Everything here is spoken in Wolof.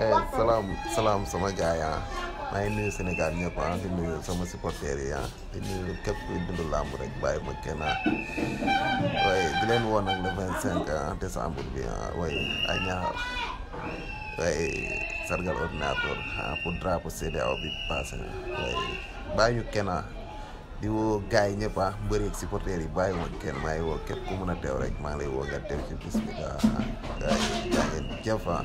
Eh, salam salaam sama jaya maa ngi nuyu Sénégal ñëpp ah di nuyu sama supporter ya di nuyu kep kuy dund làmb rek bàyyi ma kena way di len won nak le 25 décembre bi way ay ñaar way sargal ordinateur ha pour drapeau cdao bi passé way bàyyi ñu kenn di wo gaay yi ñëpp ah mbëri ak supporter yi bàyyi ma kenn may wo kep ku mëna tew rek ma lay wo nga tew ci bisbi da ah gars